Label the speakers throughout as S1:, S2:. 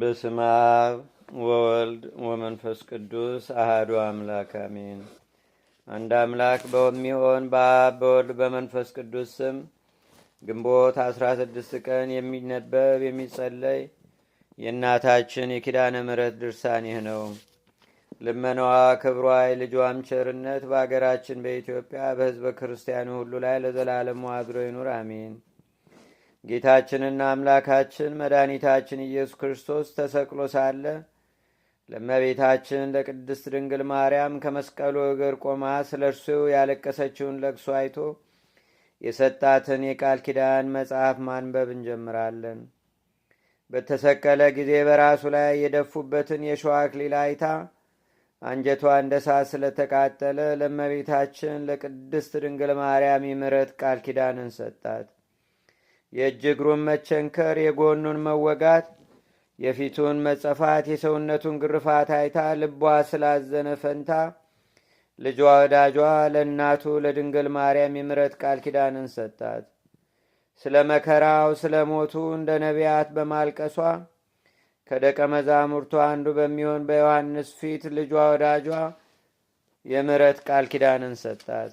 S1: በስመ አብ ወወልድ ወመንፈስ ቅዱስ አህዱ አምላክ አሜን። አንድ አምላክ በሚሆን በአብ በወልድ በመንፈስ ቅዱስ ስም ግንቦት አስራ ስድስት ቀን የሚነበብ የሚጸለይ የእናታችን የኪዳነ ምሕረት ድርሳን ይህ ነው። ልመናዋ ክብሯ፣ የልጇም ቸርነት በአገራችን በኢትዮጵያ በሕዝበ ክርስቲያኑ ሁሉ ላይ ለዘላለሙ አድሮ ይኑር አሜን። ጌታችንና አምላካችን መድኃኒታችን ኢየሱስ ክርስቶስ ተሰቅሎ ሳለ ለመቤታችን ለቅድስት ድንግል ማርያም ከመስቀሉ እግር ቆማ ስለ እርሱ ያለቀሰችውን ለቅሶ አይቶ የሰጣትን የቃል ኪዳን መጽሐፍ ማንበብ እንጀምራለን። በተሰቀለ ጊዜ በራሱ ላይ የደፉበትን የሸዋ ሊላይታ አይታ አንጀቷ እንደ ስለተቃጠለ ለመቤታችን ለቅድስት ድንግል ማርያም ይምረት ቃል ኪዳንን ሰጣት። የእጅ እግሩን መቸንከር፣ የጎኑን መወጋት፣ የፊቱን መጸፋት፣ የሰውነቱን ግርፋት አይታ ልቧ ስላዘነ ፈንታ ልጇ ወዳጇ ለእናቱ ለድንግል ማርያም የምረት ቃል ኪዳንን ሰጣት። ስለ መከራው ስለ ሞቱ እንደ ነቢያት በማልቀሷ ከደቀ መዛሙርቱ አንዱ በሚሆን በዮሐንስ ፊት ልጇ ወዳጇ የምረት ቃል ኪዳንን ሰጣት።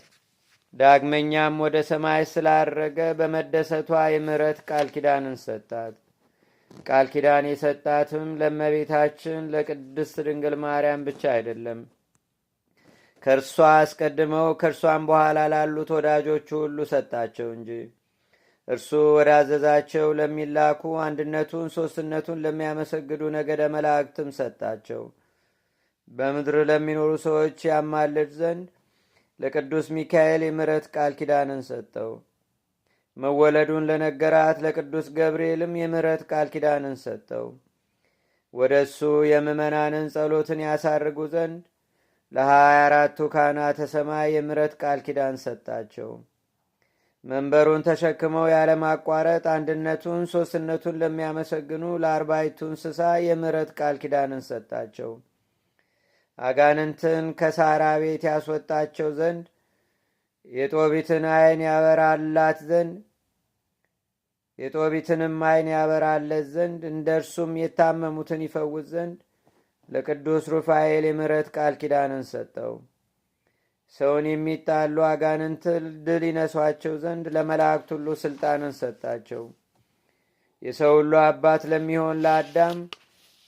S1: ዳግመኛም ወደ ሰማይ ስላረገ በመደሰቷ የምረት ቃል ኪዳንን ሰጣት። ቃል ኪዳን የሰጣትም ለእመቤታችን ለቅድስት ድንግል ማርያም ብቻ አይደለም፣ ከእርሷ አስቀድመው ከእርሷም በኋላ ላሉት ወዳጆቹ ሁሉ ሰጣቸው እንጂ እርሱ ወዳዘዛቸው ለሚላኩ አንድነቱን ሦስትነቱን ለሚያመሰግዱ ነገደ መላእክትም ሰጣቸው። በምድር ለሚኖሩ ሰዎች ያማልድ ዘንድ ለቅዱስ ሚካኤል የምረት ቃል ኪዳንን ሰጠው። መወለዱን ለነገራት ለቅዱስ ገብርኤልም የምረት ቃል ኪዳንን ሰጠው። ወደ እሱ የምእመናንን ጸሎትን ያሳርጉ ዘንድ ለሀያ አራቱ ካህናተ ሰማይ የምረት ቃል ኪዳን ሰጣቸው። መንበሩን ተሸክመው ያለማቋረጥ አንድነቱን ሦስትነቱን ለሚያመሰግኑ ለአርባይቱ እንስሳ የምረት ቃል ኪዳንን ሰጣቸው። አጋንንትን ከሳራ ቤት ያስወጣቸው ዘንድ የጦቢትን አይን ያበራላት ዘንድ የጦቢትንም አይን ያበራለት ዘንድ እንደ እርሱም የታመሙትን ይፈውስ ዘንድ ለቅዱስ ሩፋኤል የምረት ቃል ኪዳንን ሰጠው። ሰውን የሚጣሉ አጋንንት ድል ይነሷቸው ዘንድ ለመላእክት ሁሉ ሥልጣንን ሰጣቸው። የሰው ሁሉ አባት ለሚሆን ለአዳም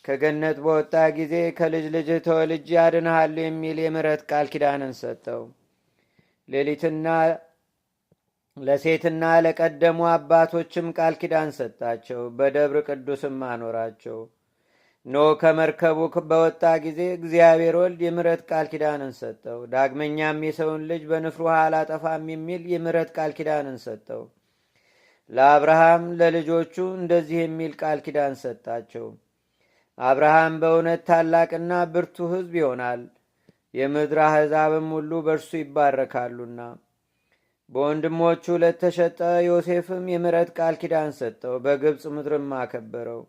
S1: ከገነት በወጣ ጊዜ ከልጅ ልጅ ተወልጅ ያድንሃሉ የሚል የምረት ቃል ኪዳንን ሰጠው። ሌሊትና ለሴትና ለቀደሙ አባቶችም ቃል ኪዳን ሰጣቸው፣ በደብር ቅዱስም አኖራቸው። ኖ ከመርከቡ በወጣ ጊዜ እግዚአብሔር ወልድ የምረት ቃል ኪዳንን ሰጠው። ዳግመኛም የሰውን ልጅ በንፍር ውሃ አላጠፋም የሚል የምረት ቃል ኪዳንን ሰጠው። ለአብርሃም ለልጆቹ እንደዚህ የሚል ቃል ኪዳን ሰጣቸው። አብርሃም በእውነት ታላቅና ብርቱ ሕዝብ ይሆናል፣ የምድር አሕዛብም ሁሉ በእርሱ ይባረካሉና። በወንድሞቹ ለተሸጠ ዮሴፍም የምረት ቃል ኪዳን ሰጠው፣ በግብፅ ምድርም አከበረው።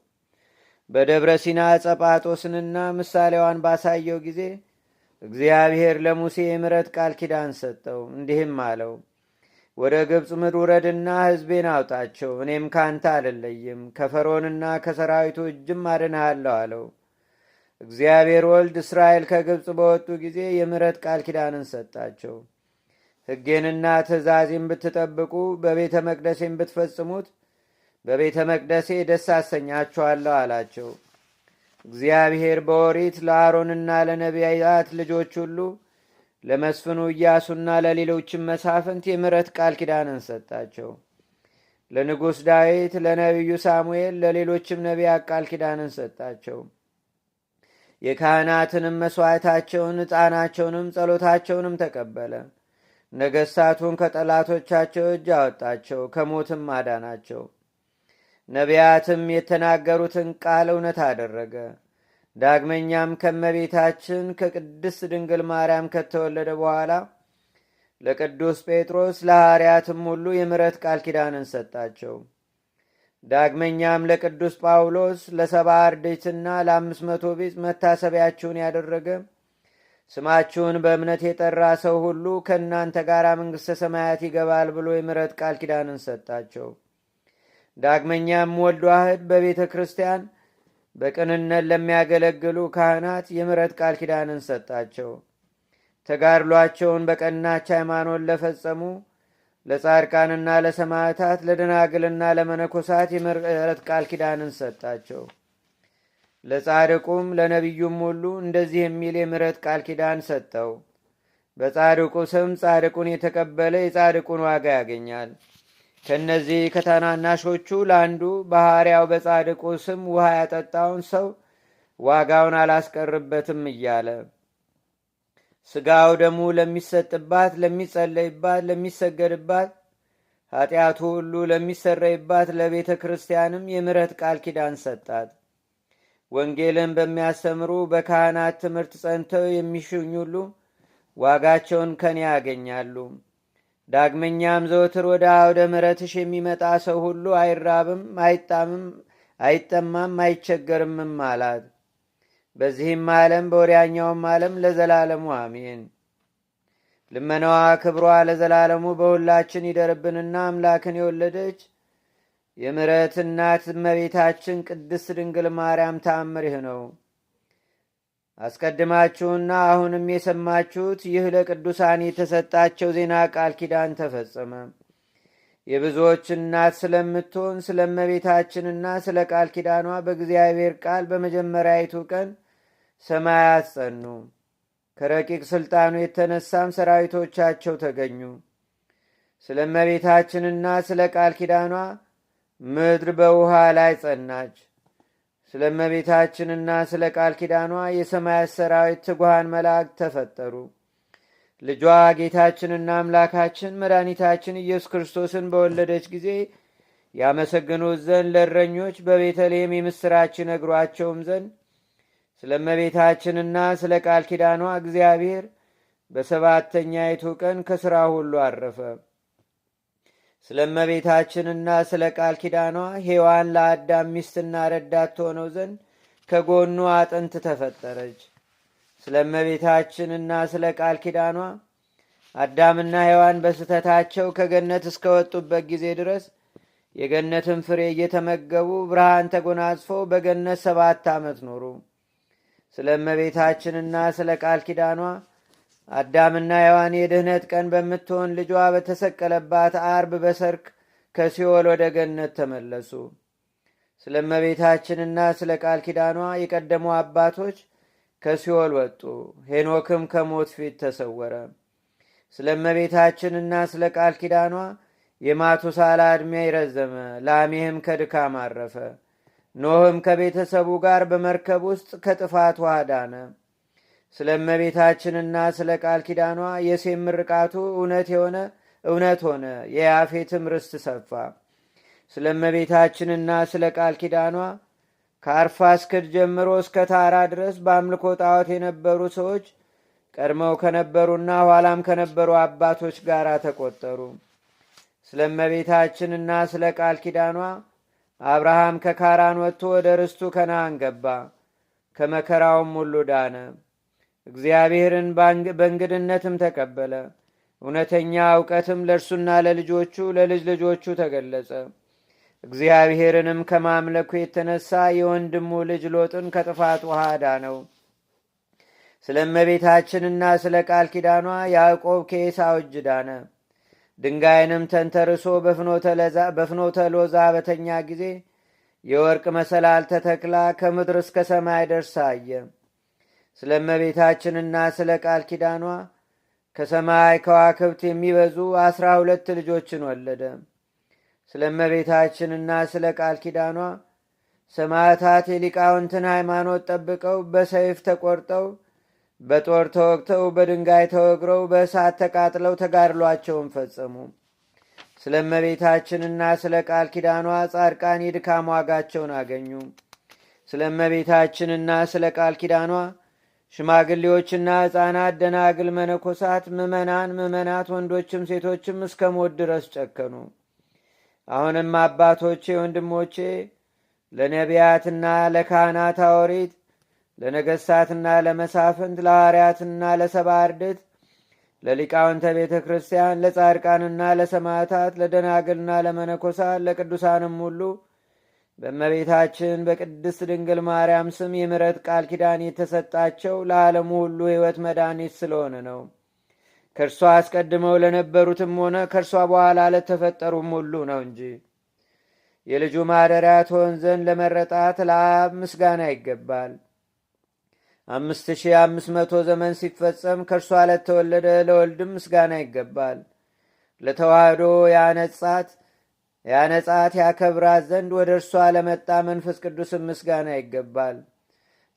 S1: በደብረ ሲና ጸጳጦስንና ምሳሌዋን ባሳየው ጊዜ እግዚአብሔር ለሙሴ የምረት ቃል ኪዳን ሰጠው፣ እንዲህም አለው፦ ወደ ግብፅ ምድር ውረድና ሕዝቤን አውጣቸው፣ እኔም ካንተ አልለይም፣ ከፈርዖንና ከሰራዊቱ እጅም አድንሃለሁ አለው። እግዚአብሔር ወልድ እስራኤል ከግብፅ በወጡ ጊዜ የምረት ቃል ኪዳንን ሰጣቸው። ሕጌንና ትእዛዜን ብትጠብቁ በቤተ መቅደሴን ብትፈጽሙት በቤተ መቅደሴ ደስ አሰኛችኋለሁ አላቸው። እግዚአብሔር በወሪት ለአሮንና ለነቢያት ልጆች ሁሉ ለመስፍኑ እያሱና ለሌሎችም መሳፍንት የምረት ቃል ኪዳንን ሰጣቸው። ለንጉሥ ዳዊት፣ ለነቢዩ ሳሙኤል፣ ለሌሎችም ነቢያት ቃል ኪዳንን ሰጣቸው። የካህናትንም መሥዋዕታቸውን፣ ዕጣናቸውንም፣ ጸሎታቸውንም ተቀበለ። ነገሥታቱን ከጠላቶቻቸው እጅ አወጣቸው፣ ከሞትም አዳናቸው። ነቢያትም የተናገሩትን ቃል እውነት አደረገ። ዳግመኛም ከመቤታችን ከቅድስት ድንግል ማርያም ከተወለደ በኋላ ለቅዱስ ጴጥሮስ ለሐርያትም ሁሉ የምረት ቃል ኪዳንን ሰጣቸው። ዳግመኛም ለቅዱስ ጳውሎስ ለሰባ አርድእትና ለአምስት መቶ ቤት መታሰቢያችሁን ያደረገ ስማችሁን በእምነት የጠራ ሰው ሁሉ ከእናንተ ጋር መንግሥተ ሰማያት ይገባል ብሎ የምረት ቃል ኪዳንን ሰጣቸው። ዳግመኛም ወልዶ አህድ በቤተ ክርስቲያን በቅንነት ለሚያገለግሉ ካህናት የምረት ቃል ኪዳንን ሰጣቸው። ተጋድሏቸውን በቀናች ሃይማኖት ለፈጸሙ ለጻድቃንና ለሰማዕታት ለደናግልና ለመነኮሳት የምረት ቃል ኪዳንን ሰጣቸው። ለጻድቁም ለነቢዩም ሁሉ እንደዚህ የሚል የምረት ቃል ኪዳን ሰጠው። በጻድቁ ስም ጻድቁን የተቀበለ የጻድቁን ዋጋ ያገኛል። ከእነዚህ ከታናናሾቹ ለአንዱ ባሕሪያው በጻድቁ ስም ውሃ ያጠጣውን ሰው ዋጋውን አላስቀርበትም እያለ ስጋው ደሙ ለሚሰጥባት፣ ለሚጸለይባት፣ ለሚሰገድባት ኃጢአቱ ሁሉ ለሚሰረይባት ለቤተ ክርስቲያንም የምረት ቃል ኪዳን ሰጣት። ወንጌልን በሚያስተምሩ በካህናት ትምህርት ጸንተው የሚሽኙ ሁሉ ዋጋቸውን ከኔ ያገኛሉ። ዳግመኛም ዘወትር ወደ አውደ ምረትሽ የሚመጣ ሰው ሁሉ አይራብም፣ አይጣምም፣ አይጠማም፣ አይቸገርምም አላት። በዚህም ዓለም በወዲያኛውም ዓለም ለዘላለሙ አሜን። ልመናዋ ክብሯ ለዘላለሙ በሁላችን ይደርብንና አምላክን የወለደች የምረት እናት እመቤታችን ቅድስት ድንግል ማርያም ታምር ይህ ነው። አስቀድማችሁና አሁንም የሰማችሁት ይህ ለቅዱሳን የተሰጣቸው ዜና ቃል ኪዳን ተፈጸመ። የብዙዎች እናት ስለምትሆን ስለ መቤታችንና ስለ ቃል ኪዳኗ በእግዚአብሔር ቃል በመጀመሪያዊቱ ቀን ሰማያት ጸኑ። ከረቂቅ ስልጣኑ የተነሳም ሰራዊቶቻቸው ተገኙ። ስለ መቤታችንና ስለ ቃል ኪዳኗ ምድር በውሃ ላይ ጸናች። ስለ እመቤታችንና ስለ ቃል ኪዳኗ የሰማያት ሰራዊት ትጉሃን መላእክት ተፈጠሩ። ልጇ ጌታችንና አምላካችን መድኃኒታችን ኢየሱስ ክርስቶስን በወለደች ጊዜ ያመሰግኑት ዘንድ ለረኞች በቤተልሔም የምሥራች ነግሯቸውም ዘንድ ስለ እመቤታችንና ስለ ቃል ኪዳኗ እግዚአብሔር በሰባተኛይቱ ቀን ከሥራ ሁሉ አረፈ። ስለ እመቤታችንና ስለ ቃል ኪዳኗ ሔዋን ለአዳም ሚስትና ረዳት ትሆነው ዘንድ ከጎኑ አጥንት ተፈጠረች። ስለ እመቤታችንና ስለ ቃል ኪዳኗ አዳምና ሔዋን በስተታቸው ከገነት እስከወጡበት ጊዜ ድረስ የገነትን ፍሬ እየተመገቡ ብርሃን ተጎናጽፎ በገነት ሰባት ዓመት ኖሩ። ስለ እመቤታችንና ስለ ቃል ኪዳኗ አዳምና ሔዋን የድህነት ቀን በምትሆን ልጇ በተሰቀለባት አርብ በሰርክ ከሲኦል ወደ ገነት ተመለሱ። ስለ እመቤታችንና ስለ ቃል ኪዳኗ የቀደሙ አባቶች ከሲኦል ወጡ። ሄኖክም ከሞት ፊት ተሰወረ። ስለ እመቤታችንና ስለ ቃል ኪዳኗ የማቱሳላ ዕድሜ ይረዘመ፣ ላሜህም ከድካም አረፈ። ኖህም ከቤተሰቡ ጋር በመርከብ ውስጥ ከጥፋት ውሃ ዳነ። ስለ እመቤታችንና ስለ ቃል ኪዳኗ የሴም ምርቃቱ እውነት የሆነ እውነት ሆነ፣ የያፌትም ርስት ሰፋ። ስለ እመቤታችንና ስለ ቃል ኪዳኗ ከአርፋክስድ ጀምሮ እስከ ታራ ድረስ በአምልኮ ጣዖት የነበሩ ሰዎች ቀድመው ከነበሩና ኋላም ከነበሩ አባቶች ጋር ተቆጠሩ። ስለ እመቤታችንና ስለ ቃል ኪዳኗ አብርሃም ከካራን ወጥቶ ወደ ርስቱ ከነአን ገባ፣ ከመከራውም ሁሉ ዳነ። እግዚአብሔርን በእንግድነትም ተቀበለ። እውነተኛ እውቀትም ለእርሱና ለልጆቹ ለልጅ ልጆቹ ተገለጸ። እግዚአብሔርንም ከማምለኩ የተነሳ የወንድሙ ልጅ ሎጥን ከጥፋት ውሃ አዳነው። ስለ እመቤታችንና ስለ ቃል ኪዳኗ ያዕቆብ ከኤሳው እጅ ዳነ። ድንጋይንም ተንተርሶ በፍኖተ ሎዛ በተኛ ጊዜ የወርቅ መሰላል ተተክላ ከምድር እስከ ሰማይ ደርሳ አየ። ስለ እመቤታችንና ስለ ቃል ኪዳኗ ከሰማይ ከዋክብት የሚበዙ አስራ ሁለት ልጆችን ወለደ። ስለ እመቤታችንና ስለ ቃል ኪዳኗ ሰማዕታት የሊቃውንትን ሃይማኖት ጠብቀው በሰይፍ ተቆርጠው በጦር ተወግተው በድንጋይ ተወግረው በእሳት ተቃጥለው ተጋድሏቸውን ፈጸሙ። ስለ እመቤታችንና ስለ ቃል ኪዳኗ ጻድቃን የድካም ዋጋቸውን አገኙ። ስለ እመቤታችንና ስለ ቃል ኪዳኗ ሽማግሌዎችና ሕፃናት፣ ደናግል፣ መነኮሳት፣ ምዕመናን፣ ምዕመናት፣ ወንዶችም ሴቶችም እስከ ሞት ድረስ ጨከኑ። አሁንም አባቶቼ፣ ወንድሞቼ ለነቢያትና ለካህናት አውሪት ለነገሥታትና ለመሳፍንት ለሐዋርያትና ለሰባ አርድት ለሊቃውንተ ቤተ ክርስቲያን ለጻድቃንና ለሰማዕታት ለደናግልና ለመነኮሳት ለቅዱሳንም ሁሉ በእመቤታችን በቅድስት ድንግል ማርያም ስም የምረት ቃል ኪዳን የተሰጣቸው ለዓለሙ ሁሉ ሕይወት መድኃኒት ስለሆነ ነው። ከእርሷ አስቀድመው ለነበሩትም ሆነ ከእርሷ በኋላ ለተፈጠሩም ሁሉ ነው እንጂ። የልጁ ማደሪያ ትሆን ዘንድ ለመረጣት ለአብ ምስጋና ይገባል። አምስት ሺህ አምስት መቶ ዘመን ሲፈጸም ከእርሷ ለተወለደ ለወልድም ምስጋና ይገባል። ለተዋህዶ ያነጻት ያነጻት ያከብራት ዘንድ ወደ እርሷ ለመጣ መንፈስ ቅዱስም ምስጋና ይገባል።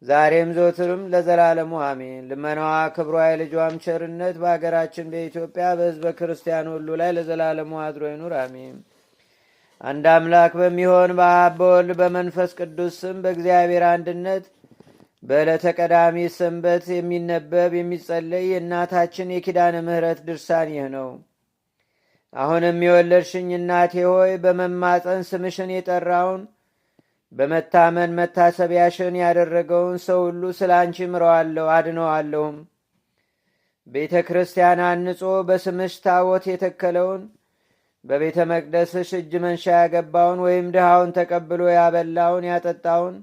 S1: ዛሬም ዘወትርም ለዘላለሙ አሜን። ልመናዋ፣ ክብሯ፣ የልጇም ቸርነት በአገራችን በኢትዮጵያ በህዝበ ክርስቲያን ሁሉ ላይ ለዘላለሙ አድሮ ይኑር አሜን። አንድ አምላክ በሚሆን በአብ በወልድ በመንፈስ ቅዱስ ስም በእግዚአብሔር አንድነት በዕለተ ቀዳሚ ሰንበት የሚነበብ የሚጸለይ የእናታችን የኪዳነ ምህረት ድርሳን ይህ ነው። አሁንም የወለድሽኝ እናቴ ሆይ በመማፀን ስምሽን የጠራውን በመታመን መታሰቢያሽን ያደረገውን ሰው ሁሉ ስለ አንቺ ምረዋለሁ አድነዋለሁም። ቤተ ክርስቲያን አንጾ በስምሽ ታቦት የተከለውን በቤተ መቅደስሽ እጅ መንሻ ያገባውን ወይም ድሃውን ተቀብሎ ያበላውን ያጠጣውን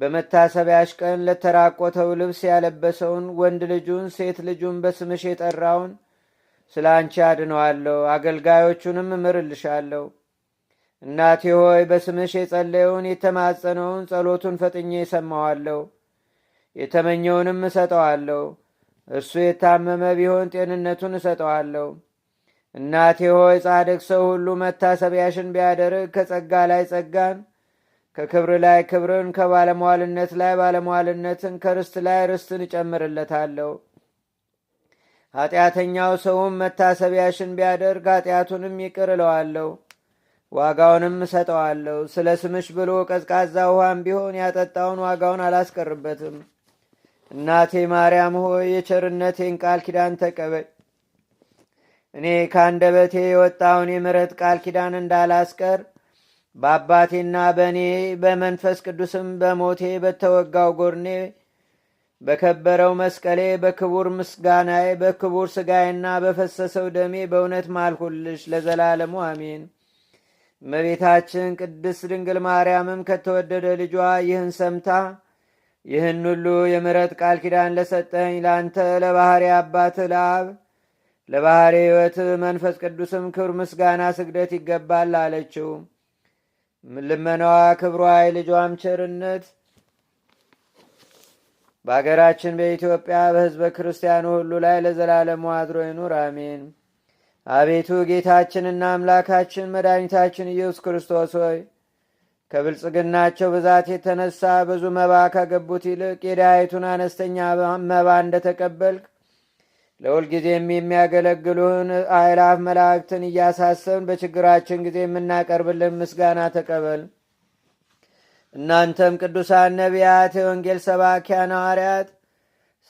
S1: በመታሰቢያሽ ቀን ለተራቆተው ልብስ ያለበሰውን ወንድ ልጁን ሴት ልጁን በስምሽ የጠራውን ስለ አንቺ አድነዋለሁ፣ አገልጋዮቹንም እምርልሻለሁ። እናቴ ሆይ በስምሽ የጸለየውን የተማጸነውን ጸሎቱን ፈጥኜ እሰማዋለሁ፣ የተመኘውንም እሰጠዋለሁ። እርሱ የታመመ ቢሆን ጤንነቱን እሰጠዋለሁ። እናቴ ሆይ ጻድቅ ሰው ሁሉ መታሰቢያሽን ቢያደርግ ከጸጋ ላይ ጸጋን፣ ከክብር ላይ ክብርን፣ ከባለሟልነት ላይ ባለሟልነትን፣ ከርስት ላይ ርስትን እጨምርለታለሁ። ኃጢአተኛው ሰውም መታሰቢያሽን ቢያደርግ ኃጢአቱንም ይቅር እለዋለሁ፣ ዋጋውንም እሰጠዋለሁ። ስለ ስምሽ ብሎ ቀዝቃዛ ውሃም ቢሆን ያጠጣውን ዋጋውን አላስቀርበትም። እናቴ ማርያም ሆይ የቸርነቴን ቃል ኪዳን ተቀበይ። እኔ ከአንደበቴ የወጣውን የምረት ቃል ኪዳን እንዳላስቀር በአባቴና በእኔ በመንፈስ ቅዱስም በሞቴ በተወጋው ጎርኔ በከበረው መስቀሌ በክቡር ምስጋናዬ በክቡር ስጋዬና በፈሰሰው ደሜ በእውነት ማልሁልሽ ለዘላለሙ አሜን። መቤታችን ቅድስ ድንግል ማርያምም ከተወደደ ልጇ ይህን ሰምታ ይህን ሁሉ የምረት ቃል ኪዳን ለሰጠኝ ለአንተ ለባህሪ አባት ለአብ ለባህሪ ህይወት መንፈስ ቅዱስም ክብር፣ ምስጋና፣ ስግደት ይገባል አለችው። ልመናዋ፣ ክብሯ፣ የልጇም ቸርነት በአገራችን በኢትዮጵያ በሕዝበ ክርስቲያኑ ሁሉ ላይ ለዘላለሙ አድሮ ይኑር፣ አሜን። አቤቱ ጌታችንና አምላካችን መድኃኒታችን ኢየሱስ ክርስቶስ ሆይ ከብልጽግናቸው ብዛት የተነሳ ብዙ መባ ከገቡት ይልቅ የድሃይቱን አነስተኛ መባ እንደተቀበልክ ለሁልጊዜም የሚያገለግሉህን አእላፍ መላእክትን እያሳሰብን በችግራችን ጊዜ የምናቀርብልን ምስጋና ተቀበል። እናንተም ቅዱሳን ነቢያት፣ የወንጌል ሰባኪያን ሐዋርያት፣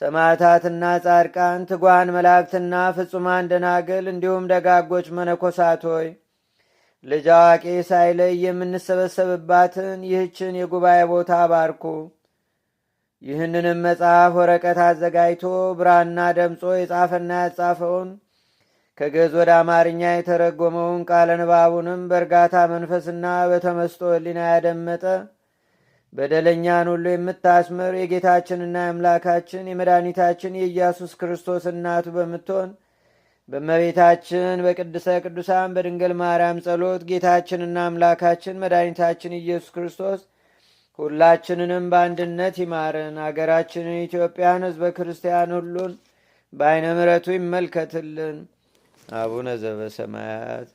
S1: ሰማዕታትና ጻድቃን፣ ትጓን መላእክትና ፍጹማን ደናግል እንዲሁም ደጋጎች መነኮሳት ሆይ ልጅ አዋቂ ሳይለይ የምንሰበሰብባትን ይህችን የጉባኤ ቦታ ባርኩ። ይህንንም መጽሐፍ ወረቀት አዘጋጅቶ ብራና ደምጾ የጻፈና ያጻፈውን ከግዕዝ ወደ አማርኛ የተረጎመውን ቃለ ንባቡንም በእርጋታ መንፈስና በተመስጦ ሕሊና ያደመጠ በደለኛን ሁሉ የምታስምር የጌታችንና የአምላካችን የመድኃኒታችን የኢየሱስ ክርስቶስ እናቱ በምትሆን በእመቤታችን በቅድሰ ቅዱሳን በድንገል ማርያም ጸሎት ጌታችንና አምላካችን መድኃኒታችን ኢየሱስ ክርስቶስ ሁላችንንም በአንድነት ይማረን። አገራችንን ኢትዮጵያን፣ ሕዝበ ክርስቲያን ሁሉን በአይነ ምረቱ ይመልከትልን። አቡነ ዘበሰማያት